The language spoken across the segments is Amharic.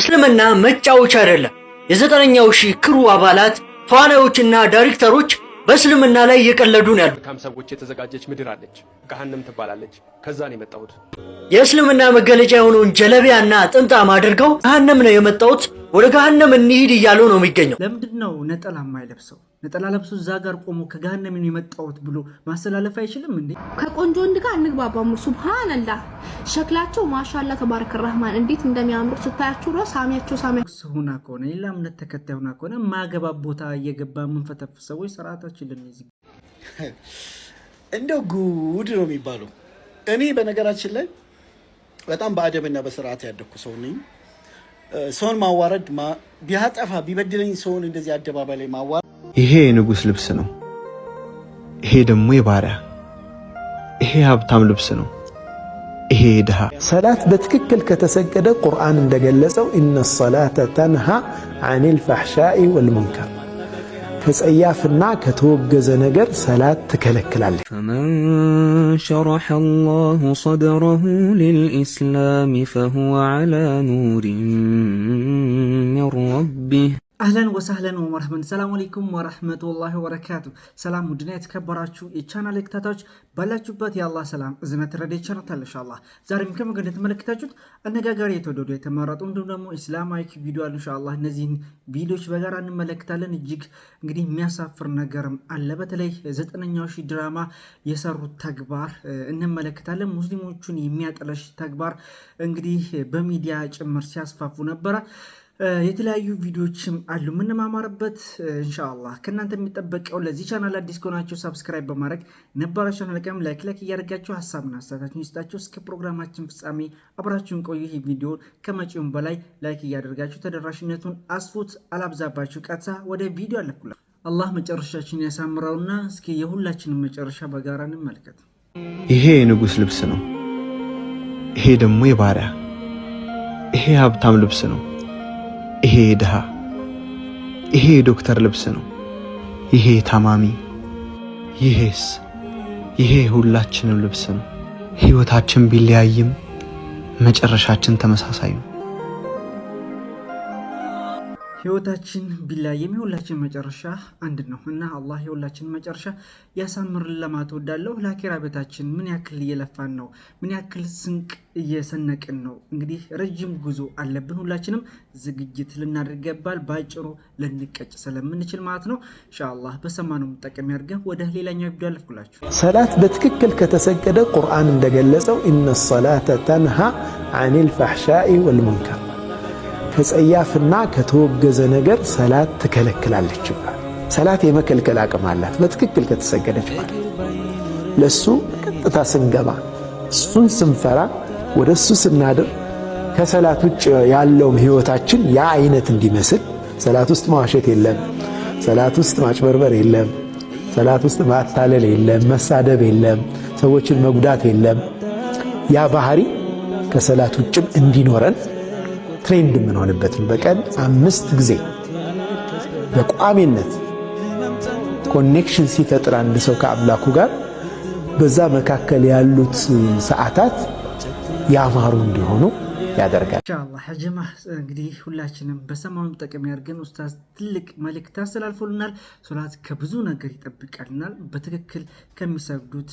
እስልምና መጫወቻ አይደለም። የዘጠነኛው ሺህ ክሩ አባላት ተዋናዮችና ዳይሬክተሮች በእስልምና ላይ እየቀለዱ ነው ያሉት። ካም ሰዎች የተዘጋጀች ምድር አለች፣ ገሃነም ትባላለች። ከዛ ነው የመጣሁት። የእስልምና መገለጫ የሆነውን ጀለቢያና ጥምጣም አድርገው ገሃነም ነው የመጣሁት ወደ ገሃነም እንሂድ እያሉ ነው የሚገኘው። ለምንድን ነው ነጠላ የማይለብሰው? ነጠላ ለብሶ እዛ ጋር ቆሞ ከገሃነም የመጣሁት ብሎ ማስተላለፍ አይችልም እንዴ? ከቆንጆ ወንድ ጋር እንግባባሙ። ሱብሃንላ፣ ሸክላቸው ማሻላ ተባረክ ራህማን፣ እንዴት እንደሚያምሩ ስታያቸው ሮ ሳሚያቸው ሳሚያ ሆና ከሆነ ሌላ እምነት ተከታይ ሆና ከሆነ ማገባ ቦታ እየገባ የምንፈተፍ ሰዎች ስርአታችን ልንይዝ እንደው ጉድ ነው የሚባለው። እኔ በነገራችን ላይ በጣም በአደብና በስርዓት ያደግኩ ሰው ነኝ። ሰውን ማዋረድ ቢያጠፋ ቢበድለኝ ሰውን እንደዚህ አደባባይ ላይ ማዋረድ ይሄ የንጉሥ ልብስ ነው። ይሄ ደግሞ የባሪያ ይሄ የሀብታም ልብስ ነው። ይሄ ድሃ ሰላት በትክክል ከተሰገደ ቁርአን እንደገለጸው ኢነ ሰላተ ተንሃ አኒል ፈሕሻኢ ወልሙንከር كسيافنا كتوق زنقر سلاة تكلكل عليك فمن شرح الله صدره للإسلام فهو على نور من ربه አህለን ወሳህለን ወመርሐመን ሰላም አለይኩም ወረህመቱላሂ ወበረካቱ። ሰላም ውድና የተከበራችሁ የቻናል ክታታዎች ባላችሁበት የአላህ ሰላም እዝነት ረዳ ይቸረታል ኢንሻአላህ። ዛሬም ከምግብ እንደተመለከታችሁት አነጋጋሪ የተወደዱ የተመረጡ እንዲሁም ደግሞ ኢስላማዊ ቪዲዮ አሉ ኢንሻአላህ። እነዚህን ቪዲዮዎች በጋራ እንመለከታለን። እጅግ እንግዲህ የሚያሳፍር ነገርም አለ። በተለይ ዘጠነኛው ሺህ ድራማ የሰሩት ተግባር እንመለከታለን። ሙስሊሞቹን የሚያጠለሽ ተግባር እንግዲህ በሚዲያ ጭምር ሲያስፋፉ ነበረ። የተለያዩ ቪዲዮዎችም አሉ የምንማማርበት እንሻላ ከእናንተ የሚጠበቀው ለዚህ ቻናል አዲስ ከሆናቸው ሰብስክራይብ በማድረግ ነባራቸው ቻናል ላይክ ላይክ እያደርጋቸው ሀሳብና አስተያየታችሁን ይስጣቸው። እስከ ፕሮግራማችን ፍጻሜ አብራችሁን ቆዩ። ይህ ቪዲዮ ከመጪውም በላይ ላይክ እያደርጋቸው ተደራሽነቱን አስፉት። አላብዛባችሁ፣ ቀጥታ ወደ ቪዲዮ አለኩላ። አላህ መጨረሻችን ያሳምረውና እስኪ የሁላችንም መጨረሻ በጋራ እንመልከት። ይሄ የንጉሥ ልብስ ነው። ይሄ ደግሞ የባሪያ ይሄ ሀብታም ልብስ ነው። ይሄ ድሃ፣ ይሄ ዶክተር ልብስ ነው፣ ይሄ ታማሚ፣ ይሄስ ይሄ ሁላችንም ልብስ ነው። ሕይወታችን ቢለያይም መጨረሻችን ተመሳሳይ ነው። ህይወታችን ቢላ የሚሁላችን መጨረሻ አንድ ነው እና አላህ የሁላችን መጨረሻ ያሳምርን ለማለት እወዳለሁ። ለአኼራ ቤታችን ምን ያክል እየለፋን ነው? ምን ያክል ስንቅ እየሰነቅን ነው? እንግዲህ ረጅም ጉዞ አለብን። ሁላችንም ዝግጅት ልናደርግ ይገባል። ባጭሩ ልንቀጭ ስለምንችል ማለት ነው። ኢንሻአላህ በሰማነው ጠቀም ያድርገን። ወደ ሌላኛው ቪዲዮ ያለፍኩላችሁ። ሰላት በትክክል ከተሰገደ ቁርአን እንደገለጸው ኢነ ሰላተ ተንሃ አኒል ፈሕሻኢ ወልሙንከር ከጸያፍና ከተወገዘ ነገር ሰላት ትከለክላለች ይባል። ሰላት የመከልከል አቅም አላት በትክክል ከተሰገደች ማለት ለእሱ ቀጥታ ስንገባ እሱን ስንፈራ ወደ እሱ ስናድር ከሰላት ውጭ ያለውም ህይወታችን ያ አይነት እንዲመስል ሰላት ውስጥ መዋሸት የለም፣ ሰላት ውስጥ ማጭበርበር የለም፣ ሰላት ውስጥ ማታለል የለም፣ መሳደብ የለም፣ ሰዎችን መጉዳት የለም። ያ ባህሪ ከሰላት ውጭም እንዲኖረን ትሬንድ የምንሆንበትን በቀን አምስት ጊዜ በቋሚነት ኮኔክሽን ሲፈጥር አንድ ሰው ከአምላኩ ጋር በዛ መካከል ያሉት ሰዓታት ያማሩ እንዲሆኑ ያደርጋል። ኢንሻአላህ ሀጀማ እንግዲህ ሁላችንም በሰማኑ ጠቀም ያርገን። ኡስታዝ ትልቅ መልእክት አስተላልፎልናል። ሶላት ከብዙ ነገር ይጠብቀልናል። በትክክል ከሚሰግዱት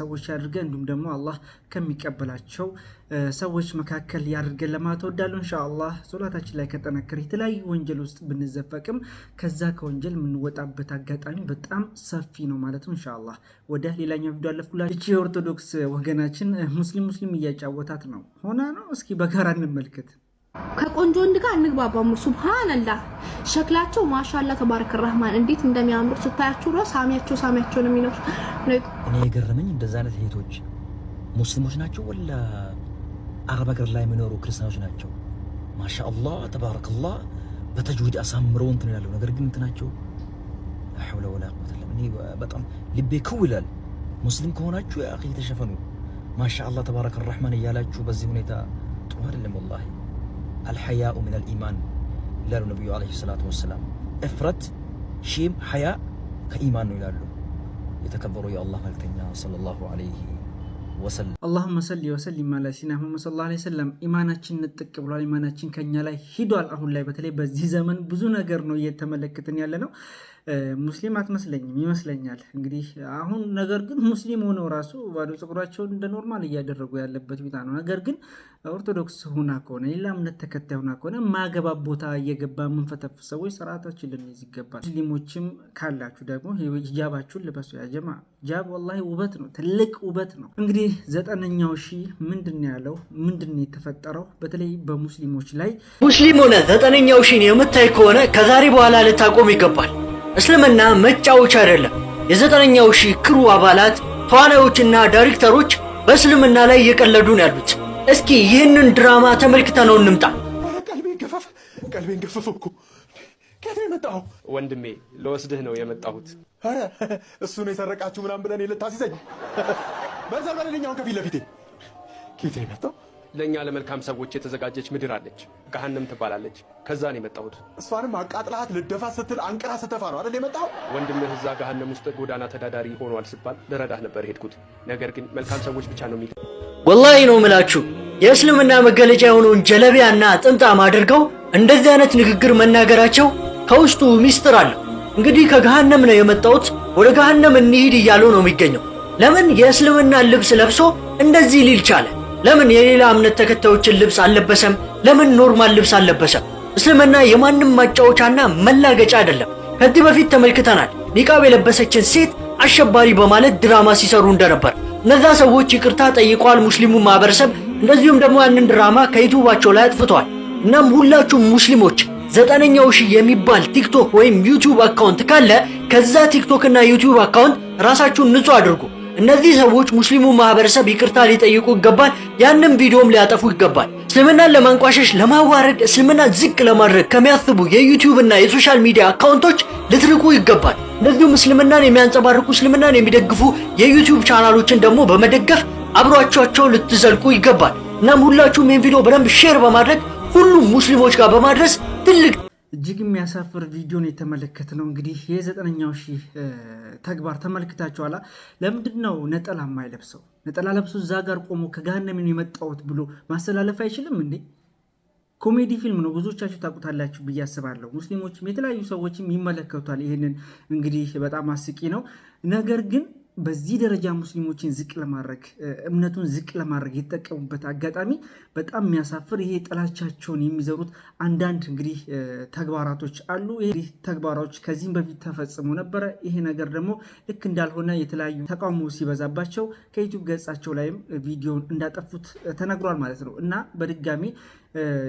ሰዎች ያድርገን፣ እንዲሁም ደግሞ አላህ ከሚቀበላቸው ሰዎች መካከል ያድርገን ለማለት እወዳለሁ። ኢንሻአላህ ሶላታችን ላይ ከጠነከር የተለያዩ ወንጀል ውስጥ ብንዘፈቅም ከዛ ከወንጀል የምንወጣበት አጋጣሚ በጣም ሰፊ ነው ማለት ነው። ኢንሻአላህ ወደ ሌላኛው ቪዲዮ አለፍኩላችሁ። እቺ የኦርቶዶክስ ወገናችን ሙስሊም ሙስሊም እያጫወታት ነው ሆና ነው። እስኪ በጋራ ጋር እንመልከት። ከቆንጆ ወንድ ጋር እንግባባሙ። ሱብሃንላ ሸክላቸው ማሻላ ተባረክ ረህማን እንዴት እንደሚያምሩ ስታያቸው ራስ ሳሚያቸው ሳሚያቸው ነው የሚኖር። እኔ የገረመኝ እንደዛ አይነት ሄቶች ሙስሊሞች ናቸው ወላ አረብ ሀገር ላይ የሚኖሩ ክርስቲያኖች ናቸው። ማሻአላህ ተባረከላህ በተጅዊድ አሳምረው እንትን ያለው ነገር ግን እንትናቸው ሐውለ ወላ ቁወተ ኢላ ቢላህ። በጣም ልቤ ክው ይላል። ሙስሊም ከሆናችሁ ያ እኺ ተሸፈኑ። ተባረከ ረህማን እያላችሁ በዚህ ሁኔታ ጥሩ አይደለም። ወላሂ አልሐያኡ ሚነል ኢማን ይላሉ ነቢዩ ዓለይሂ ሰላቱ ወሰላም። እፍረት ሺም ሐያ ከኢማን ነው ይላሉ የተከበሩ የአላህ መልክተኛ ሰለላሁ ዓለይሂ ወሰለም። አላሁመ ሰሊ ወሰሊም አላ ሲና ሙሐመድ ሰለላሁ ዓለይሂ ወሰለም። ኢማናችን ንጥቅ ብሏል። ኢማናችን ከኛ ላይ ሂዷል። አሁን ላይ በተለይ በዚህ ዘመን ብዙ ነገር ነው እየተመለከትን ያለ ነው። ሙስሊም አትመስለኝም ይመስለኛል። እንግዲህ አሁን ነገር ግን ሙስሊም ሆነው ራሱ ባዶ ጸጉራቸውን እንደ ኖርማል እያደረጉ ያለበት ሁኔታ ነው። ነገር ግን ኦርቶዶክስ ሁና ከሆነ ሌላ እምነት ተከታይ ሁና ከሆነ ማገባ ቦታ እየገባ የምንፈተፍ ሰዎች ስርዓታችን ልንይዝ ይገባል። ሙስሊሞችም ካላችሁ ደግሞ ሂጃባችሁን ልበሱ። ያጀማ ሂጃብ ወላሂ ውበት ነው፣ ትልቅ ውበት ነው። እንግዲህ ዘጠነኛው ሺ ምንድን ያለው ምንድን የተፈጠረው በተለይ በሙስሊሞች ላይ ሙስሊም ሆነ ዘጠነኛው ሺህ የምታይ ከሆነ ከዛሬ በኋላ ልታቆም ይገባል። እስልምና መጫወቻ አይደለም። የዘጠነኛው ሺህ ክሩ አባላት ተዋናዮችና ዳይሬክተሮች በእስልምና ላይ እየቀለዱ ነው ያሉት። እስኪ ይህንን ድራማ ተመልክተ ነው እንምጣ። ቀልቤን ገፈፍ ቀልቤን ገፈፍ እኮ ነው ወንድሜ ለወስድህ ነው የመጣሁት። ኧረ እሱ ነው የሰረቃችሁ ምናምን ብለን ልታስይዘኝ በዛ በሌለኛውን ከፊት ለፊቴ ከየት የመጣው ለእኛ ለመልካም ሰዎች የተዘጋጀች ምድር አለች፣ ገሃነም ትባላለች። ከዛ ነው የመጣሁት። እሷንም አቃጥላት ልደፋ ስትል አንቅራ ስተፋ ነው አይደል የመጣው? ወንድምህ እዛ ገሃነም ውስጥ ጎዳና ተዳዳሪ ሆኗል ስባል ልረዳህ ነበር ሄድኩት ነገር ግን መልካም ሰዎች ብቻ ነው የሚ ወላሂ ነው ምላችሁ። የእስልምና መገለጫ የሆነውን ጀለቢያና ጥምጣም አድርገው እንደዚህ አይነት ንግግር መናገራቸው ከውስጡ ሚስጥር አለው። እንግዲህ ከገሃነም ነው የመጣሁት፣ ወደ ገሃነም እንሂድ እያሉ ነው የሚገኘው። ለምን የእስልምና ልብስ ለብሶ እንደዚህ ሊል ቻለ? ለምን የሌላ እምነት ተከታዮችን ልብስ አልለበሰም? ለምን ኖርማል ልብስ አልለበሰም? እስልምና የማንም ማጫወቻና መላገጫ አይደለም። ከዚህ በፊት ተመልክተናል። ኒቃብ የለበሰችን ሴት አሸባሪ በማለት ድራማ ሲሰሩ እንደነበር እነዛ ሰዎች ይቅርታ ጠይቋል ሙስሊሙ ማህበረሰብ። እንደዚሁም ደግሞ ያንን ድራማ ከዩቱባቸው ላይ አጥፍተዋል። እናም ሁላችሁም ሙስሊሞች ዘጠነኛው ሺህ የሚባል ቲክቶክ ወይም ዩቲዩብ አካውንት ካለ ከዛ ቲክቶክ እና ዩቲዩብ አካውንት ራሳችሁን ንጹህ አድርጉ። እነዚህ ሰዎች ሙስሊሙ ማህበረሰብ ይቅርታ ሊጠይቁ ይገባል። ያንም ቪዲዮም ሊያጠፉ ይገባል። እስልምናን ለማንቋሸሽ፣ ለማዋረድ፣ እስልምና ዝቅ ለማድረግ ከሚያስቡ የዩቲዩብ እና የሶሻል ሚዲያ አካውንቶች ልትርቁ ይገባል። እንደዚሁም እስልምናን የሚያንጸባርቁ እስልምናን የሚደግፉ የዩቲዩብ ቻናሎችን ደግሞ በመደገፍ አብሯቸውን ልትዘልቁ ይገባል። እናም ሁላችሁም ይህን ቪዲዮ በደንብ ሼር በማድረግ ሁሉም ሙስሊሞች ጋር በማድረስ ትልቅ እጅግ የሚያሳፍር ቪዲዮን የተመለከት ነው። እንግዲህ የዘጠነኛው ሺህ ተግባር ተመልክታችኋላ። ለምንድን ነው ነጠላ የማይለብሰው? ነጠላ ለብሶ እዛ ጋር ቆሞ ከገሃነምን የመጣሁት ብሎ ማስተላለፍ አይችልም እንዴ? ኮሜዲ ፊልም ነው። ብዙዎቻችሁ ታውቁታላችሁ ብዬ አስባለሁ። ሙስሊሞችም የተለያዩ ሰዎችም ይመለከቱታል። ይህንን እንግዲህ በጣም አስቂ ነው ነገር ግን በዚህ ደረጃ ሙስሊሞችን ዝቅ ለማድረግ እምነቱን ዝቅ ለማድረግ የተጠቀሙበት አጋጣሚ በጣም የሚያሳፍር ይሄ ጥላቻቸውን የሚዘሩት አንዳንድ እንግዲህ ተግባራቶች አሉ። ይህ ተግባራዎች ከዚህም በፊት ተፈጽሞ ነበረ። ይሄ ነገር ደግሞ ልክ እንዳልሆነ የተለያዩ ተቃውሞ ሲበዛባቸው ከዩቱብ ገጻቸው ላይም ቪዲዮን እንዳጠፉት ተነግሯል ማለት ነው እና በድጋሚ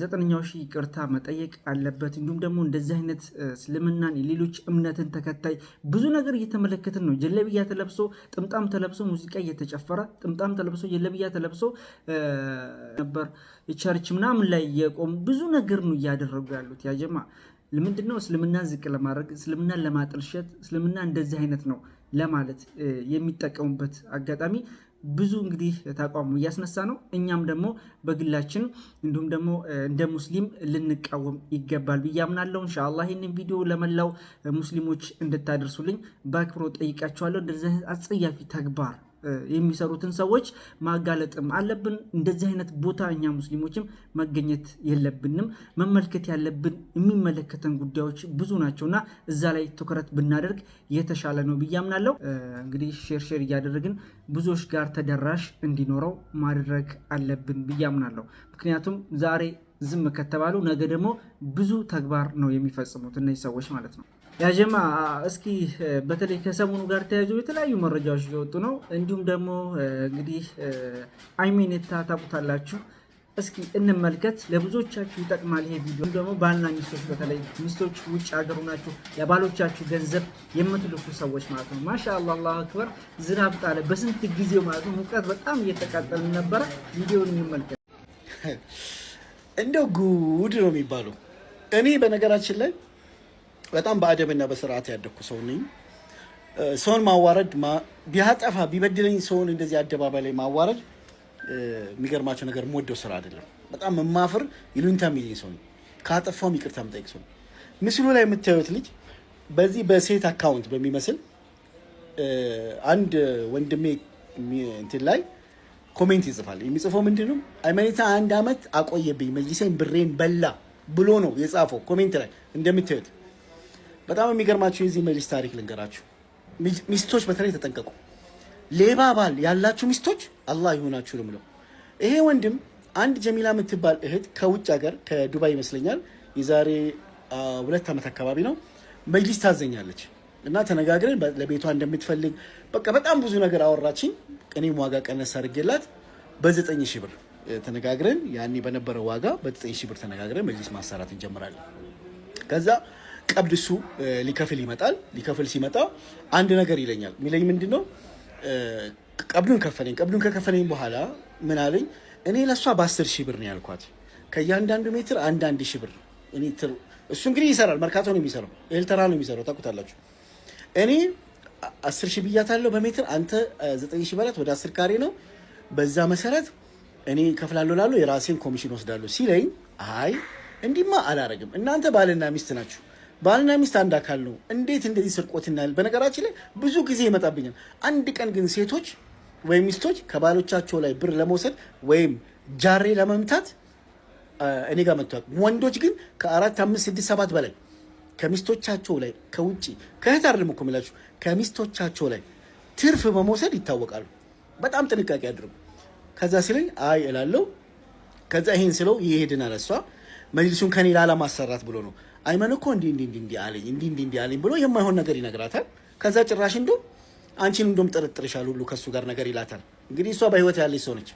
ዘጠነኛው ሺህ ይቅርታ መጠየቅ አለበት። እንዲሁም ደግሞ እንደዚህ አይነት እስልምናን የሌሎች እምነትን ተከታይ ብዙ ነገር እየተመለከትን ነው። ጀለብያ ተለብሶ ጥምጣም ተለብሶ ሙዚቃ እየተጨፈረ ጥምጣም ተለብሶ ጀለብያ ተለብሶ ነበር ቸርች ምናምን ላይ የቆሙ ብዙ ነገር ነው እያደረጉ ያሉት ያጀማ ለምንድን ነው እስልምናን ዝቅ ለማድረግ እስልምናን ለማጠልሸት እስልምና እንደዚህ አይነት ነው ለማለት የሚጠቀሙበት አጋጣሚ ብዙ እንግዲህ ተቋሙ እያስነሳ ነው። እኛም ደግሞ በግላችን እንዲሁም ደግሞ እንደ ሙስሊም ልንቃወም ይገባል ብዬ አምናለሁ። እንሻላ ይህንን ቪዲዮ ለመላው ሙስሊሞች እንድታደርሱልኝ በአክብሮ ጠይቃቸዋለሁ። እንደዚህ አጸያፊ ተግባር የሚሰሩትን ሰዎች ማጋለጥም አለብን። እንደዚህ አይነት ቦታ እኛ ሙስሊሞችም መገኘት የለብንም። መመልከት ያለብን የሚመለከተን ጉዳዮች ብዙ ናቸው እና እዛ ላይ ትኩረት ብናደርግ የተሻለ ነው ብዬ አምናለሁ። እንግዲህ ሼር ሼር እያደረግን ብዙዎች ጋር ተደራሽ እንዲኖረው ማድረግ አለብን ብዬ አምናለሁ። ምክንያቱም ዛሬ ዝም ከተባሉ ነገ ደግሞ ብዙ ተግባር ነው የሚፈጽሙት እነዚህ ሰዎች ማለት ነው። ያጀማ እስኪ በተለይ ከሰሞኑ ጋር ተያይዞ የተለያዩ መረጃዎች እየወጡ ነው። እንዲሁም ደግሞ እንግዲህ አይሜኔታ የታታቁታላችሁ እስኪ እንመልከት። ለብዙዎቻችሁ ይጠቅማል ይሄ ቪዲዮ። ደግሞ ባልና ሚስቶች፣ በተለይ ሚስቶች ውጭ ሀገሩ ናቸው ለባሎቻችሁ ገንዘብ የምትልኩ ሰዎች ማለት ነው። ማሻአላ አላሁ አክበር። ዝናብ ጣለ በስንት ጊዜው ማለት ነው። ሙቀት በጣም እየተቃጠል ነበረ። ቪዲዮን እንመልከት። እንደ ጉድ ነው የሚባለው እኔ በነገራችን ላይ በጣም በአደብና በስርዓት ያደግኩ ሰው ነኝ። ሰውን ማዋረድ ቢያጠፋ ቢበድለኝ ሰውን እንደዚህ አደባባይ ላይ ማዋረድ የሚገርማቸው ነገር የምወደው ስራ አይደለም። በጣም የማፍር ይሉኝታ የሚለኝ ሰው ነኝ። ካጠፋውም ይቅርታ የምጠይቅ ሰው ነኝ። ምስሉ ላይ የምታዩት ልጅ በዚህ በሴት አካውንት በሚመስል አንድ ወንድሜ እንትን ላይ ኮሜንት ይጽፋል። የሚጽፈው ምንድን ነው? ሃይማኖታ አንድ አመት አቆየብኝ መጅሊሴን ብሬን በላ ብሎ ነው የጻፈው ኮሜንት ላይ እንደምታዩት በጣም የሚገርማችሁ የዚህ መጅሊስ ታሪክ ልንገራችሁ። ሚስቶች በተለይ ተጠንቀቁ። ሌባ ባል ያላችሁ ሚስቶች አላህ ይሆናችሁ ነው ይሄ ወንድም አንድ ጀሚላ የምትባል እህት ከውጭ ሀገር ከዱባይ ይመስለኛል የዛሬ ሁለት ዓመት አካባቢ ነው መጅሊስ ታዘኛለች እና ተነጋግረን ለቤቷ እንደምትፈልግ በቃ በጣም ብዙ ነገር አወራችኝ። እኔም ዋጋ ቀነስ አድርጌላት በዘጠኝ ሺህ ብር ተነጋግረን ያኔ በነበረው ዋጋ በዘጠኝ ሺህ ብር ተነጋግረን መጅሊስ ማሰራት እንጀምራለን ከዛ ቀብድ እሱ ሊከፍል ይመጣል። ሊከፍል ሲመጣ አንድ ነገር ይለኛል። የሚለኝ ምንድን ነው? ቀብዱን ከፈለኝ። ቀብዱን ከከፈለኝ በኋላ ምን አለኝ? እኔ ለእሷ በአስር ሺህ ብር ነው ያልኳት። ከእያንዳንዱ ሜትር አንዳንድ ሺህ ብር ሜትር። እሱ እንግዲህ ይሰራል። መርካቶ ነው የሚሰራው፣ ኤልተራ ነው የሚሰራው። ታውቁታላችሁ። እኔ አስር ሺህ ብያታለሁ በሜትር አንተ ዘጠኝ ሺህ በላት ወደ አስር ካሬ ነው። በዛ መሰረት እኔ ከፍላለሁ ላሉ የራሴን ኮሚሽን ወስዳለሁ ሲለኝ፣ አይ እንዲማ አላረግም። እናንተ ባልና ሚስት ናችሁ ባልና ሚስት አንድ አካል ነው። እንዴት እንደዚህ ስርቆት እናያል? በነገራችን ላይ ብዙ ጊዜ ይመጣብኛል። አንድ ቀን ግን ሴቶች ወይም ሚስቶች ከባሎቻቸው ላይ ብር ለመውሰድ ወይም ጃሬ ለመምታት እኔ ጋር መጥተዋል። ወንዶች ግን ከአራት አምስት ስድስት ሰባት በላይ ከሚስቶቻቸው ላይ ከውጭ ከእህት አይደለም እኮ ከሚስቶቻቸው ላይ ትርፍ በመውሰድ ይታወቃሉ። በጣም ጥንቃቄ አድርጉ። ከዛ ሲለኝ አይ እላለሁ። ከዛ ይሄን ስለው ይሄድናል። እሷ መጅልሱን ከኔ ላላ ማሰራት ብሎ ነው አይመን እኮ እንዲህ እንዲህ እንዲህ አለኝ እንዲህ እንዲህ እንዲህ አለኝ ብሎ የማይሆን ነገር ይነግራታል። ከዛ ጭራሽ እንዲሁም አንቺን እንዲሁም ጥርጥርሻል ሁሉ ከእሱ ጋር ነገር ይላታል። እንግዲህ እሷ በህይወት ያለች ሰው ነች።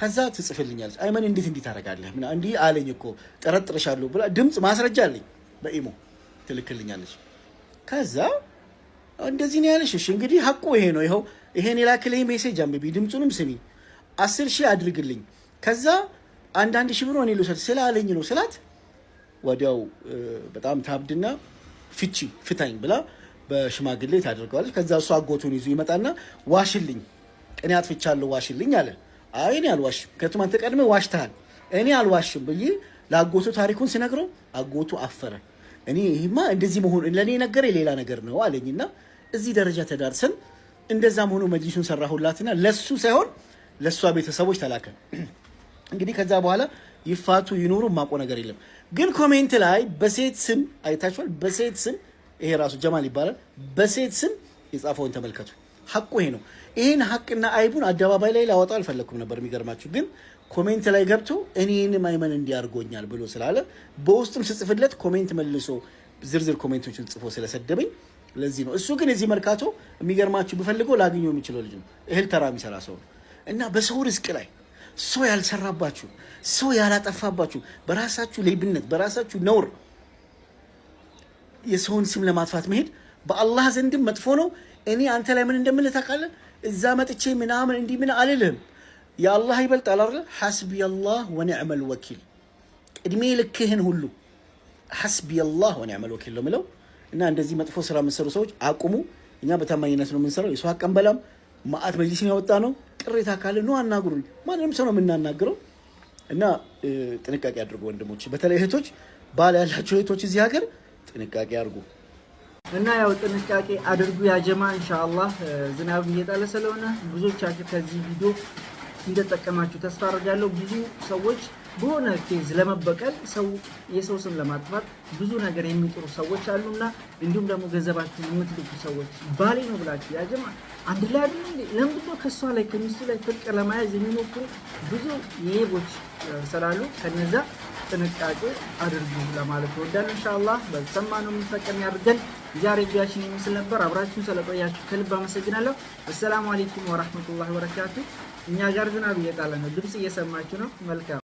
ከዛ ትጽፍልኛለች። አይመን እንዴት እንዲህ ታደርጋለህ? ምናምን እንዲህ አለኝ እኮ ጠረጥርሻለሁ ብላ ድምፅ ማስረጃ አለኝ በኢሞ ትልክልኛለች። ከዛ እንደዚህ ነው ያለሽ። እሺ እንግዲህ ሀቁ ይሄ ነው። ይኸው ይሄን የላክልኝ ሜሴጅ አንብቢ፣ ድምፁንም ስሚ፣ አስር ሺህ አድርግልኝ። ከዛ አንዳንድ ሺህ ብሎ እኔ ልውሰድ ስላለኝ ነው ስላት ወዲያው በጣም ታብድና ፍቺ ፍታኝ ብላ በሽማግሌ ታደርገዋለች። ከዛ እሱ አጎቱን ይዞ ይመጣና ዋሽልኝ፣ እኔ አጥፍቻለሁ ዋሽልኝ አለ። አይ እኔ አልዋሽም፣ ምክንያቱም አንተ ቀድሜ ዋሽተሃል፣ እኔ አልዋሽም ብዬ ለአጎቱ ታሪኩን ሲነግረው አጎቱ አፈረ። እኔ ይህማ እንደዚህ መሆኑ ለእኔ ነገር ሌላ ነገር ነው አለኝና እዚህ ደረጃ ተዳርሰን እንደዛም ሆኖ መጅሊሱን ሰራሁላትና ለሱ ሳይሆን ለእሷ ቤተሰቦች ተላከ። እንግዲህ ከዛ በኋላ ይፋቱ ይኖሩ ማቆ ነገር የለም። ግን ኮሜንት ላይ በሴት ስም አይታችኋል። በሴት ስም ይሄ ራሱ ጀማል ይባላል። በሴት ስም የጻፈውን ተመልከቱ። ሐቁ ይሄ ነው። ይህን ሐቅና አይቡን አደባባይ ላይ ላወጣ አልፈለግኩም ነበር። የሚገርማችሁ ግን ኮሜንት ላይ ገብቶ እኔንም አይመን እንዲያርጎኛል ብሎ ስላለ በውስጥም ስጽፍለት ኮሜንት መልሶ ዝርዝር ኮሜንቶችን ጽፎ ስለሰደበኝ ለዚህ ነው። እሱ ግን የዚህ መርካቶ የሚገርማችሁ ብፈልገው ላግኘው የሚችለው ልጅ ነው። እህል ተራ የሚሰራ ሰው ነው እና በሰው ርዝቅ ላይ ሰው ያልሰራባችሁ፣ ሰው ያላጠፋባችሁ፣ በራሳችሁ ሌብነት፣ በራሳችሁ ነውር የሰውን ስም ለማጥፋት መሄድ በአላህ ዘንድም መጥፎ ነው። እኔ አንተ ላይ ምን እንደምልህ ታውቃለህ? እዛ መጥቼ ምናምን እንዲህ ምን አልልህም። የአላህ ይበልጣል አይደል? ሐስቢየላህ ወኒዕመል ወኪል። ቅድሜ ልክህን ሁሉ ሐስቢየላህ ወኒዕመል ወኪል ነው የምለው እና እንደዚህ መጥፎ ስራ የምትሰሩ ሰዎች አቁሙ። እኛ በታማኝነት ነው የምንሰራው። የሰው አቀንበላም ማአት መጅሊስን ያወጣ ነው። ቅሬታ ካለ ኑ አናግሩኝ። ማንም ሰው ነው የምናናግረው እና ጥንቃቄ አድርጉ ወንድሞች፣ በተለይ እህቶች፣ ባል ያላቸው እህቶች እዚህ ሀገር ጥንቃቄ አድርጉ እና ያው ጥንቃቄ አድርጉ ያጀማ። ኢንሻአላህ ዝናብ እየጣለ ስለሆነ ብዙዎቻችሁ ከዚህ ቪዲዮ እንደጠቀማችሁ ተስፋ አድርጋለሁ። ብዙ ሰዎች በሆነ ኬዝ ለመበቀል ሰው የሰው ስም ለማጥፋት ብዙ ነገር የሚጥሩ ሰዎች አሉና እንዲሁም ደግሞ ገንዘባችሁን የምትልኩ ሰዎች ባሌ ነው ብላችሁ ያጀማ አንድ ላይ አድ ለምንድነው ከእሷ ላይ ከሚስቱ ላይ ፍቅር ለመያዝ የሚሞክሩ ብዙ የቦች ስላሉ ከነዛ ጥንቃቄ አድርጉ ለማለት እንሻላ ኢንሻአላህ ነው የምንጠቀም ያድርገን። ዛሬ ቪዲዮአችን የሚመስል ነበር። አብራችሁን ስለቆያችሁ ከልብ አመሰግናለሁ። አሰላሙ አሌይኩም ወራህመቱላህ ወበረካቱ። እኛ ጋር ዝናብ እየጣለ ነው። ድምፅ እየሰማችሁ ነው። መልካም